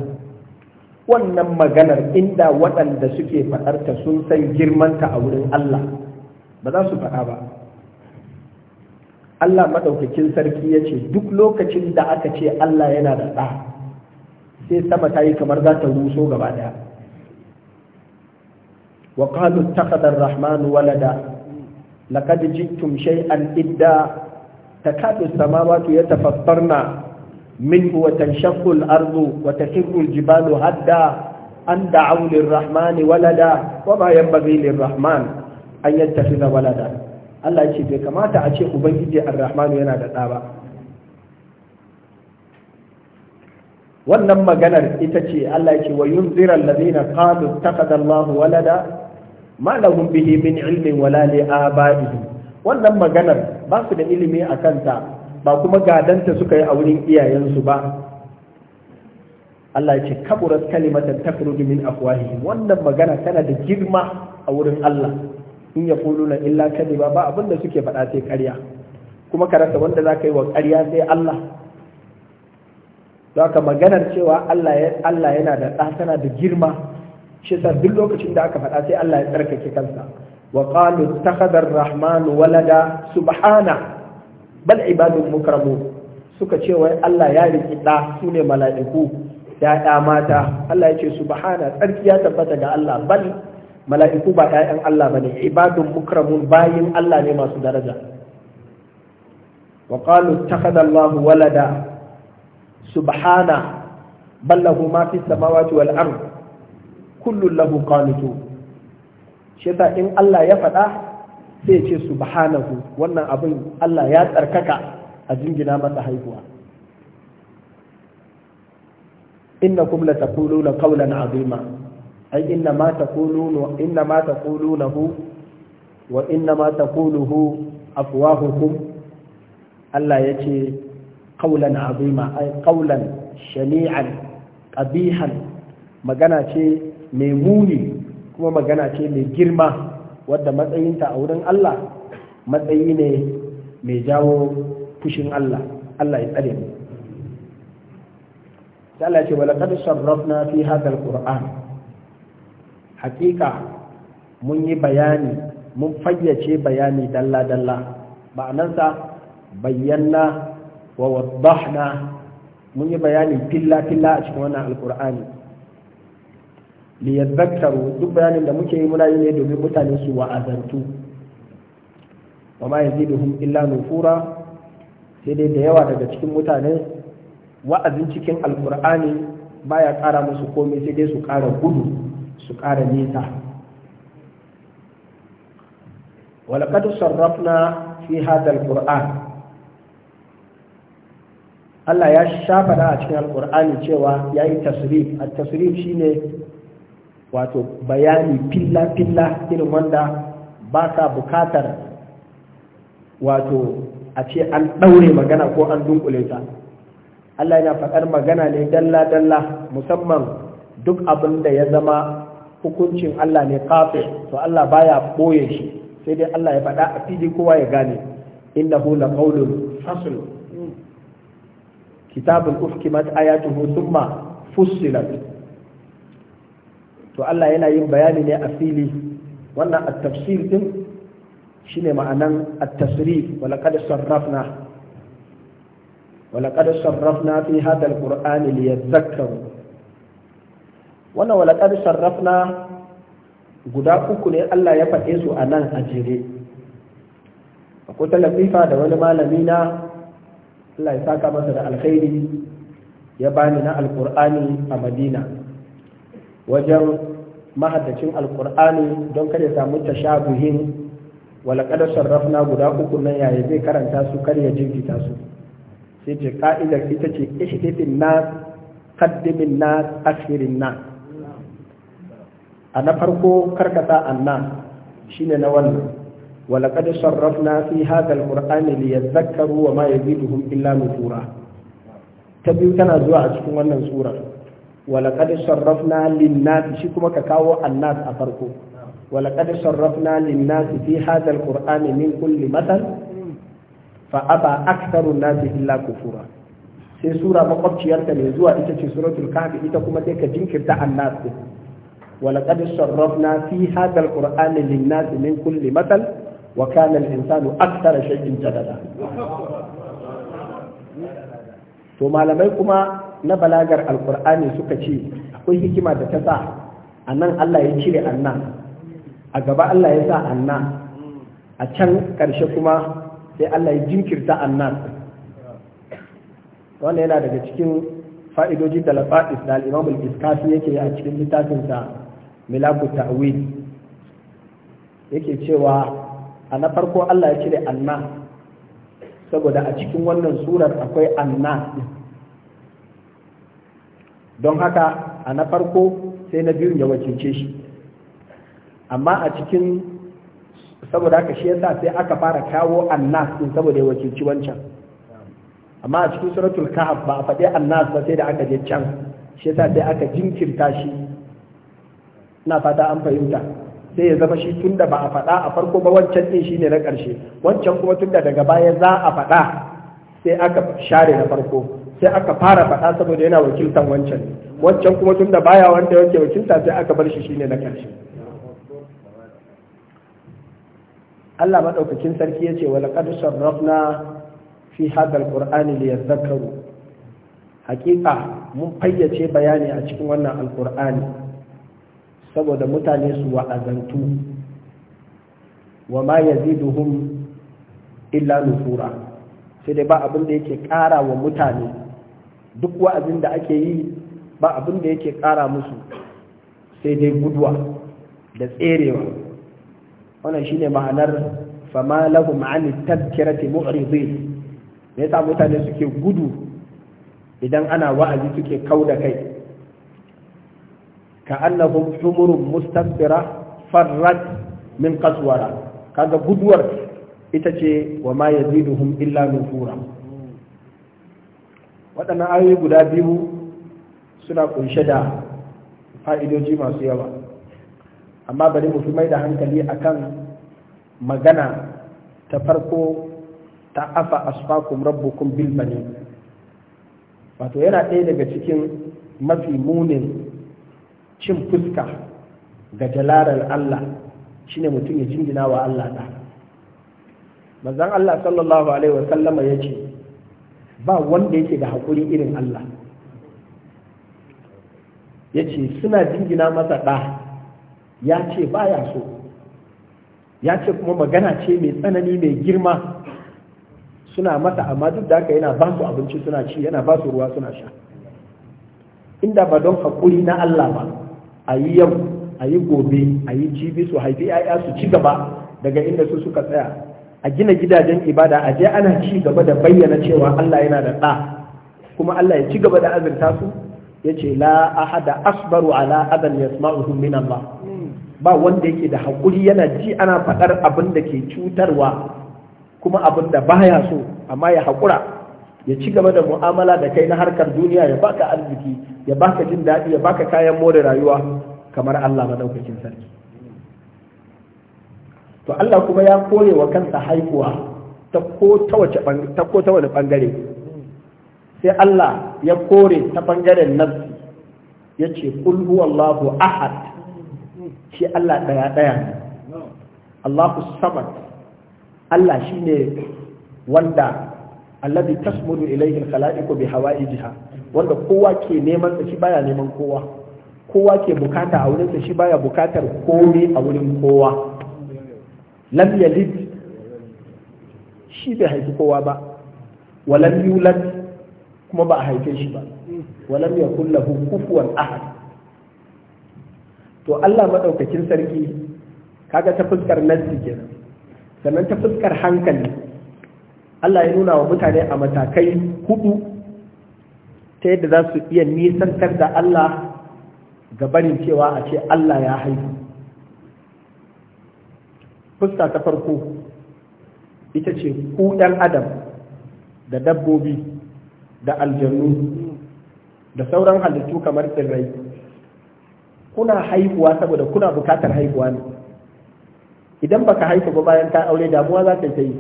wannan maganar inda waɗanda suke faɗarta sun san girmanta a wurin Allah ba za su faɗa ba Allah maɗaukakin sarki ya ce duk lokacin da aka ce Allah yana da ɗa sai sama ta yi kamar za ta ruso gaba ɗaya wa Takadar ittakhadha ar-rahmanu walada laqad jittum shay'an idda takadu as Arzu, yatafattarna منه وتنشق Hadda, an الجبال هدا أن Walada, للرحمن ولدا وما ينبغي Rahman. an yattakhidha walada Allah ya ce bai kamata a ce ubangiji ar-rahmanu yana da ɗa ba wannan maganar ita ce Allah ya ce wa yunzira alladhina qalu ittakhadha Allahu walada ma lahum bihi min ilmin wala li abaihim wannan maganar ba su da ilimi a kanta ba kuma gadanta suka yi a wurin iyayensu ba Allah ya ce kaburat kalimatan takrudu min afwahihim wannan magana tana da girma a wurin Allah in ya na illa kadiba ba abin da suke faɗa sai ƙarya kuma ka rasa wanda za ka yi wa ƙarya sai Allah za ka maganar cewa Allah yana da ɗa da girma shi sa duk lokacin da aka faɗa sai Allah ya tsarkake kansa wa qalu takhadar rahman walada subhana bal ibadun mukramu suka ce wai Allah ya riki ɗa sune mala'iku ya mata Allah ya ce subhana tsarki ya tabbata ga Allah bal mala'iku ba 'ya'yan Allah bane ibadun mukramun bayin Allah ne masu daraja wa qalu ittakhadha Allah walada subhana bal lahu ma fis samawati wal ard kullu lahu qanitu shi ta in Allah ya faɗa sai ce subhanahu wannan abin Allah ya tsarkaka a jingina masa haihuwa innakum la taquluna na azima ai inna ma taquluna inna ma taqulunahu wa inna ma taquluhu afwahukum Allah yace qawlan azima qawlan shani'an qabihan magana ce mai muni kuma magana ce mai girma wadda matsayinta a wurin Allah matsayi ne mai jawo fushin Allah Allah ya tsare mu Allah ce wala qad sarrafna fi hadha alquran hakika mun yi bayani mun fayyace bayani dalla-dalla ma'anarsa bayyana wa wadahna mun yi bayani filla-filla a cikin wannan alkur'ani liyazakkaru duk bayanin da muke yi muna yi ne domin mutane su wa'azantu wa ma yaziduhum illa nufura sai dai da yawa daga cikin mutane wa'azin cikin alkur'ani baya ƙara musu komai sai dai su ƙara gudu su ƙara nisa walaƙad sarrafna fi hadal qur'an Allah ya shafaɗa a cikin alƙur'ani cewa ya yi tasirin a tasrif shine wato bayani filla-filla irin wanda ba ka bukatar wato a ce an ɗaure magana ko an dunkule ta Allah yana faɗar magana ne dalla-dalla musamman duk abin da ya zama hukuncin Allah ne kafir to Allah baya boye shi sai dai Allah ya faɗa a fili kowa ya gane innahu laqawlun fasl kitabul uhkimat ayatuhu thumma fussilat to Allah yana yin bayani ne a fili wannan at-tafsir din shine ma'anan at-tasrif wa laqad sarrafna wa laqad sarrafna fi hadha al-qur'ani liyadhakkaru wannan walakar sarrafna guda uku ne Allah ya faɗe su a nan a jere akwai talafifa da wani malami na Allah ya saka masa da alkhairi ya bani na alkur'ani a madina wajen mahaddacin alkur'ani don kada ya samu tashabuhin walakar sarrafna guda uku nan yaya zai karanta su kar ya jirgita su sai ce ka'idar ita ce ihdifin nas qaddimin nas akhirin nas a na farko karkata anna shine na wannan ولقد صرفنا في هذا القرآن ليذكروا وما يزيدهم Ta biyu tana zuwa a cikin wannan surar ولقد صرفنا للناس shi kuma ka kawo annas a farko ولقد صرفنا للناس في هذا القرآن من كل مثل فأبى أكثر الناس إلا كفورا sai sura makwabciyarta mai zuwa ita ce suratul kahfi ita kuma sai ka jinkirta annas din ولقد شرفنا في هذا القرآن للناس من كل مثل وكان الإنسان أكثر شيء جدلا to malamai kuma na balagar alkur'ani suka ce akwai hikima da ta sa a nan Allah ya cire anna a gaba Allah ya sa anna a can ƙarshe kuma sai Allah ya jinkirta anna wannan yana daga cikin fa'idojin da lafa'is da al'imamul iskafi yake a cikin littafinsa milaku ta'wil yake cewa a na farko Allah ya cire anna saboda a cikin wannan surar akwai anna don haka a na farko sai na biyun ya wakilce shi amma a cikin saboda haka shi yasa sai aka fara kawo annas din saboda ya wakilci wancan amma a cikin suratul kahf ba a faɗi annas ba sai da aka je can shi yasa sai aka jinkirta shi na fata an fahimta sai ya zama shi tunda ba a faɗa a farko ba wancan din shine na ƙarshe wancan kuma tunda daga baya za a faɗa sai aka share na farko sai aka fara faɗa saboda yana wakiltan wancan wancan kuma tunda baya wanda yake wakilta sai aka bar shi shine na ƙarshe Allah maɗaukakin sarki ya ce wa laqad sarrafna fi hadha alqur'ani liyadhakkaru haqiqa mun fayyace bayani a cikin wannan alqur'ani saboda mutane su wa'azantu wa ma yaziduhum illa nufura sai dai ba abin da yake ƙara wa mutane duk wa'azin da ake yi ba abin da yake ƙara musu sai dai guduwa da tserewa wannan shine ma'anar fama ma'anin an tadhkirati mu'ridin me sa mutane suke gudu idan ana wa'azi suke kau da kai كأنهم حمر مستنفرة فرت من قسورة كذا قدور إتشي وما يزيدهم illa nufura waɗannan ayoyi guda biyu suna kunshe da fa'idoji masu yawa amma bari mu fi mai da hankali akan magana ta farko ta afa asfakum rabbukum bil bani wato yana ɗaya daga cikin mafi munin cin fuska ga jalalar Allah shi ne mutum ya jingina wa Allah ta. manzon Allah sallallahu alaihi wasallama ya yace ba wanda yake da haƙuri irin Allah Ya ce suna jingina masa ɗa, ya ce ba ya so ya ce kuma magana ce mai tsanani mai girma suna masa amma duk da haka yana ba su abinci suna ci yana ba su ruwa suna sha inda ba don haƙuri na Allah ba a yi yau a yi gobe a yi cibi su haifi 'ya'ya su ci gaba daga inda su suka tsaya a gina gidajen ibada a je ana ci gaba da bayyana cewa Allah yana da ɗa kuma Allah ya ci gaba da azurta su ya ce la ahada asbaru ala adan yasma'uhu min Allah ba wanda yake da hakuri yana ji ana faɗar abin da ke cutarwa kuma abin da baya so amma ya haƙura ya ci gaba da mu'amala da kai na harkar duniya ya baka arziki ya baka jin daɗi ya baka kayan more rayuwa kamar Allah madaukakin sarki to Allah kuma ya kore wa kansa haihuwa ta ko ta wani bangare sai Allah ya kore ta bangaren ya yace kul huwallahu ahad shi Allah daya daya Allahu samad Allah shine wanda alladhi tasmudu ilayhi al-khalaiqu bi hawaijiha wanda kowa ke neman shi baya neman kowa kowa ke bukata a wurinsa shi baya bukatar komai a wurin kowa lam yalid shi bai haifi kowa ba walam yulad kuma ba a haife shi ba walam yakul lahu kufuwan ahad to Allah madaukakin sarki kaga ta fuskar nassi kenan sannan ta fuskar hankali Allah ya nuna wa mutane a matakai hudu ta yadda za su iya nisantar da Allah ga barin cewa a ce Allah ya haihu fuska ta farko ita ce ku ɗan adam da dabbobi da aljannu da sauran halittu kamar tsirrai kuna haihuwa saboda kuna bukatar haihuwa ne idan baka haifu ba bayan ta aure damuwa za ta yi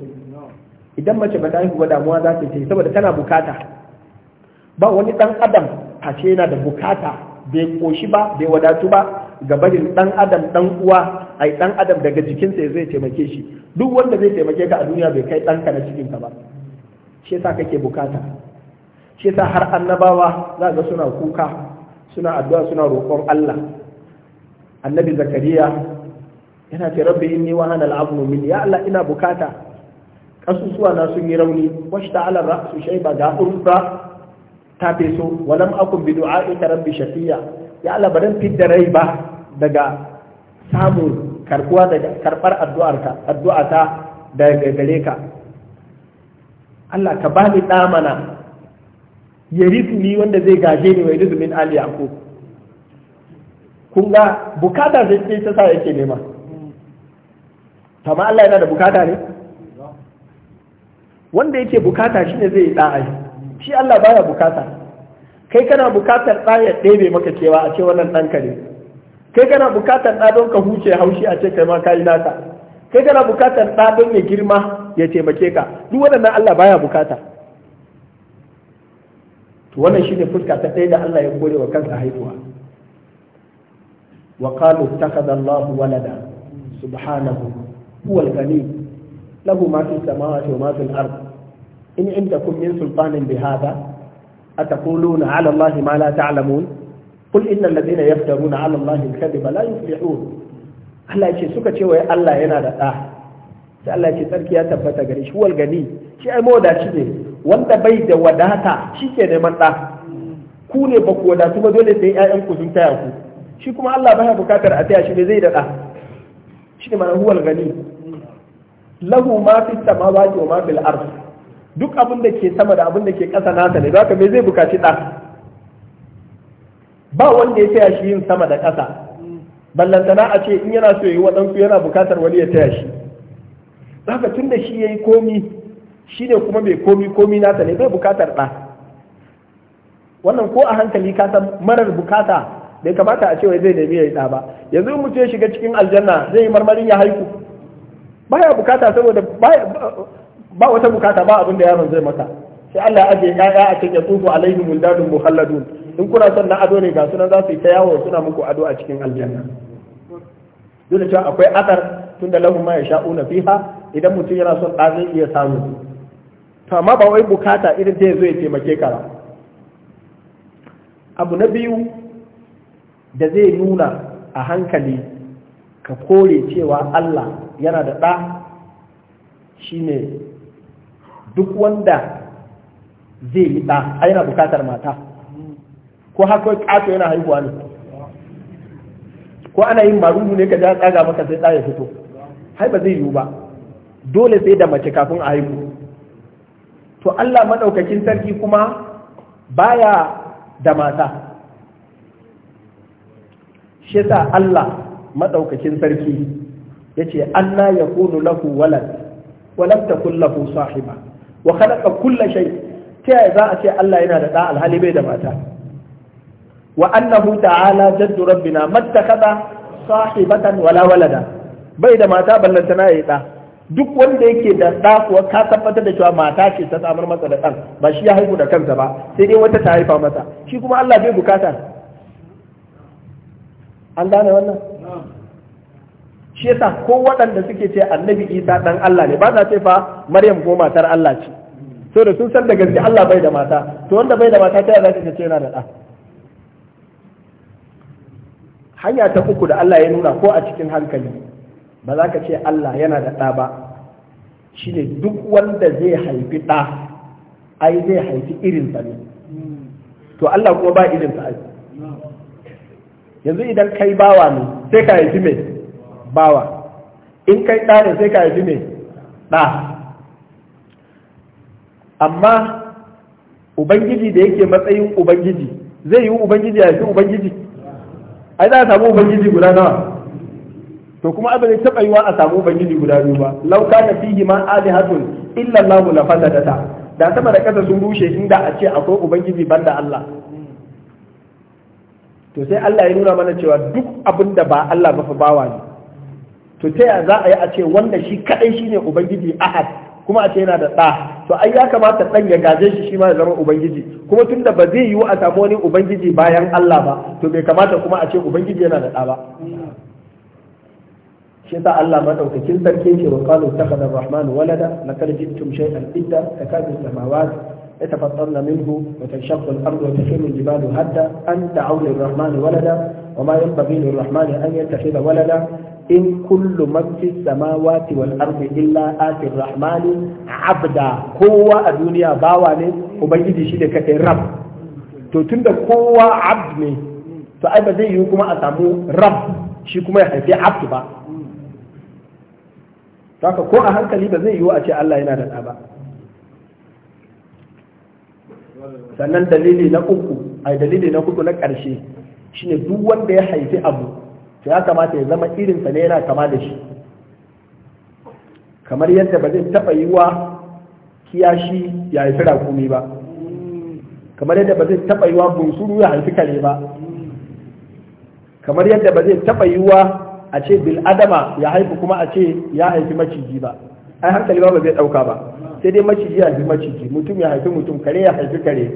idan mace ba ta haihu ba damuwa za ta yi saboda tana bukata ba wani ɗan adam ce yana da bukata bai ƙoshi ba bai wadatu ba ga barin dan adam dan uwa ai ɗan adam daga jikinsa zai taimake shi duk wanda zai taimake ka a duniya bai kai ɗanka na cikinka ba shi yasa kake bukata shi yasa har annabawa za ga suna kuka suna addu'a suna roƙon Allah annabi zakariya yana ce rabbi inni wa hana abnu min ya Allah ina bukata kasusuwa na sun yi rauni washta ala ra'su shayba ga urfa ta feso walam akun bi du'a'i rabbi shafiya ya Allah ba dan fidda rai ba daga samun karkuwa daga karbar addu'arka addu'ata daga gare ka Allah ka ba ni damana ya ni wanda zai gaje ni wa yarisu min ali yaqub kun ga bukata zai ta sa yake nema amma Allah yana da bukata ne wanda yake bukata shine zai yi da'a shi Allah baya bukata kai kana bukatar ɗa ya ɗebe maka cewa a ce wannan ɗanka ne kai kana bukatar ɗa don ka huce haushi a ce kai ma kayi naka kai kana bukatar ɗa don ya girma ya taimake ka duk waɗannan Allah baya bukata to wannan shine fuska ta ɗaya da Allah ya gode wa kansa haihuwa wa qalu takhadha Allahu walada subhanahu huwa al-ghani lahu ma fi samawati wa ma fil in indakum min sultanin bihada أتقولون على الله ما لا تعلمون قل إن الذين يفترون على الله الكذب لا يفلحون Allah ce suka ce wai Allah yana da ɗa sai Allah ce tsarki ya tabbata gare shi wal gani shi ai mawadaci ne wanda bai da wadata shi ke neman ɗa ku ne ba ku wadatu ba dole sai ƴaƴan ku sun taya ku shi kuma Allah baya bukatar a taya shi ne zai da ɗa shi ne ma'ana huwal gani lahu ma fi samawati wa ma fil ardh duk abin da ke sama da abin da ke ƙasa nasa ne ka me zai bukaci ɗa ba wanda ya taya shi yin sama da ƙasa ballantana a ce in yana so yi waɗansu yana bukatar wani ya taya shi zaka tun da shi ya yi komi shi ne kuma mai komi komi nasa ne bai bukatar ɗa wannan ko a hankali ka san marar bukata bai kamata a ce cewa zai nemi ya yi ɗa ba yanzu mutum ya shiga cikin aljanna zai yi marmarin ya haiku baya bukata saboda ba wata bukata ba abin da yaron zai maka sai Allah ya ajiye ƴaƴa a cikin tsufu alaihi muldadun muhalladun in kuna son na ado ne ga sunan za su yi ta yawo suna muku ado a cikin aljanna dole cewa akwai asar tunda lahum ma yasha'una fiha idan mutum yana son ɗa zai iya samu to amma ba wai bukata irin ta zo ya taimake ka abu na biyu da zai nuna a hankali ka kore cewa Allah yana da ɗa shine duk wanda zai yi ɗa a yana bukatar mata ko har ƙato yana haihuwa ne ko ana yin maruru ne ka ja tsaga maka sai ɗa ya fito hai ba zai yiwu ba dole sai da mace kafin a haihu to Allah maɗaukakin sarki kuma baya da mata shi sa Allah maɗaukakin sarki ya ce an na ya kunu lahu walad walam kun lahu sahiba wa khalaqa kulla shay ta yaya za a ce Allah yana da da alhali bai da mata wa annahu ta'ala jaddu rabbina mattakaba sahibatan wala walada bai da mata ballanta na yi da duk wanda yake da da kuwa ka tabbatar da cewa mata ce ta samar masa da ɗan ba shi ya haihu da kansa ba sai dai wata ta haifa masa shi kuma Allah bai bukata an gane wannan shi yasa ko waɗanda suke ce annabi isa ɗan Allah ne ba za ce fa maryam ko matar Allah ce so da sun san da gaske Allah bai da mata to wanda bai da mata ta za ta ce yana da ɗa hanya ta uku da Allah ya nuna ko a cikin hankali ba za ka ce Allah yana da ɗa ba shine duk wanda zai haifi ɗa ai zai haifi irinsa ne to Allah kuma ba irinsa ai yanzu idan kai bawa ne sai ka haifi mai bawa in kai ɗa ne sai ka haifi ne ɗa amma ubangiji da yake matsayin ubangiji zai yi ubangiji ya fi ubangiji ai za a samu ubangiji guda nawa to kuma abin zai taɓa yiwa a samu ubangiji guda biyu ba lauka na fihi ma hatun illa Allah la fasadata da sama da kasa sun rushe inda a ce akwai ubangiji banda Allah to sai Allah ya nuna mana cewa duk abin da ba Allah ba fa bawa ne to ta za a yi a ce wanda shi shi shine ubangiji ahad kuma a ce yana da ɗa to ai ya kamata ɗan ya gaje shi shi ma ya zama ubangiji kuma tunda ba zai yiwu a samu wani ubangiji bayan Allah ba to bai kamata kuma a ce ubangiji yana da ɗa ba shi yasa Allah madaukakin sarki ce wa qalu takhadha ar-rahman walada laqad jittum al'idda idda kafin samawati يتفطرن منه وتنشق الأرض وتخيم الجبال هدا أن دعوا للرحمن ولدا وما ينبغي للرحمن أن يتخذ ولدا إن كل من في السماوات والأرض إلا آتي الرحمن عبدا هو الدنيا باواني وبيجي شيء كتير رب to tunda kowa abd ne to ai ba zai yi kuma a samu rab shi kuma ya haifi abd ba haka Allah sannan dalili na uku ai dalili na hudu na ƙarshe shine duk wanda ya haifi abu to ya kamata ya zama irinsa ne yana kama da shi kamar yadda ba zai taɓa yi wa kiyashi ya haifi rakumi ba kamar yadda ba zai taɓa yi wa bunsuru ya haifi kare ba kamar yadda ba zai taɓa yi wa a ce bil adama ya haifi kuma a ce ya haifi maciji ba ai hankali ba ba zai ɗauka ba sai dai maciji ya haifi maciji mutum ya haifi mutum kare ya haifi kare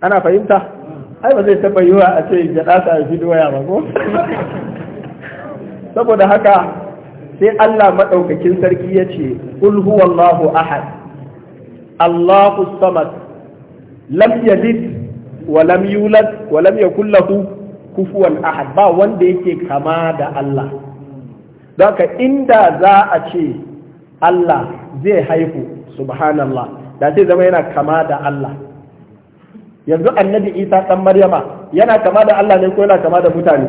ana fahimta ai ba zai taba yiwa a ce gyaɗa ta haifi doya ba ko saboda haka sai Allah maɗaukakin sarki ya ce kul huwallahu ahad Allahu samad lam yalid wa lam yulad wa lam yakul lahu kufuwan ahad ba wanda yake kama da Allah don inda za a ce Allah zai haihu subhanallah da sai zama yana kama da Allah yanzu annabi Isa dan Maryama yana kama da Allah ne ko yana kama da mutane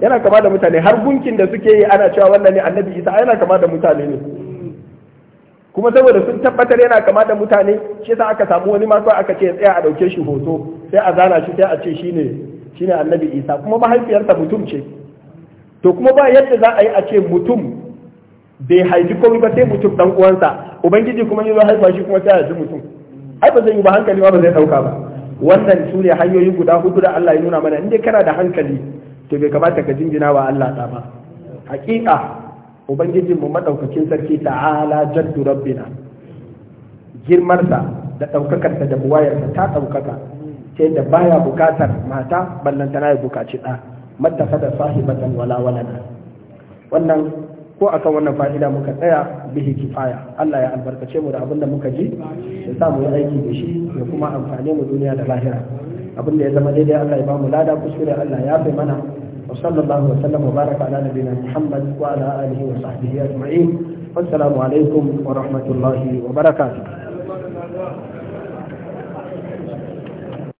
yana kama da mutane har gunkin da suke yi ana cewa wannan ne annabi Isa yana kama da mutane ne kuma saboda sun tabbatar yana kama da mutane shi yasa aka samu wani ma aka ce tsaya a dauke shi hoto sai a zana shi sai a ce shine shine annabi Isa kuma mahaifiyarsa mutum ce to kuma ba yadda za a yi a ce mutum bai haifi komai ba sai mutum dan uwansa ubangiji kuma zo haifa shi kuma sai haifi mutum ai ba zai yi ba hankali ba ba zai dauka ba wannan su ne hanyoyi guda hudu da Allah ya nuna mana inda kana da hankali to bai kamata ka jinjina wa Allah ta ba hakika ubangijin mu madaukakin sarki ta'ala jaddu rabbina girmarsa da sa da buwayarsa ta daukaka ce da baya bukatar mata ballantana ya bukaci da matta da sahibatan wala walana wannan ko akan wannan fa'ida muka tsaya bihi kifaya Allah ya albarkace mu da abin da muka ji ya sa mu yi aiki da shi ya kuma amfani mu duniya da lahira abin da ya zama daidai Allah ya ba mu lada kuskure Allah ya fi mana wa sallallahu wa sallam wa baraka ala nabiyina Muhammad wa ala alihi wa sahbihi ajma'in wassalamu wa rahmatullahi wa barakatuh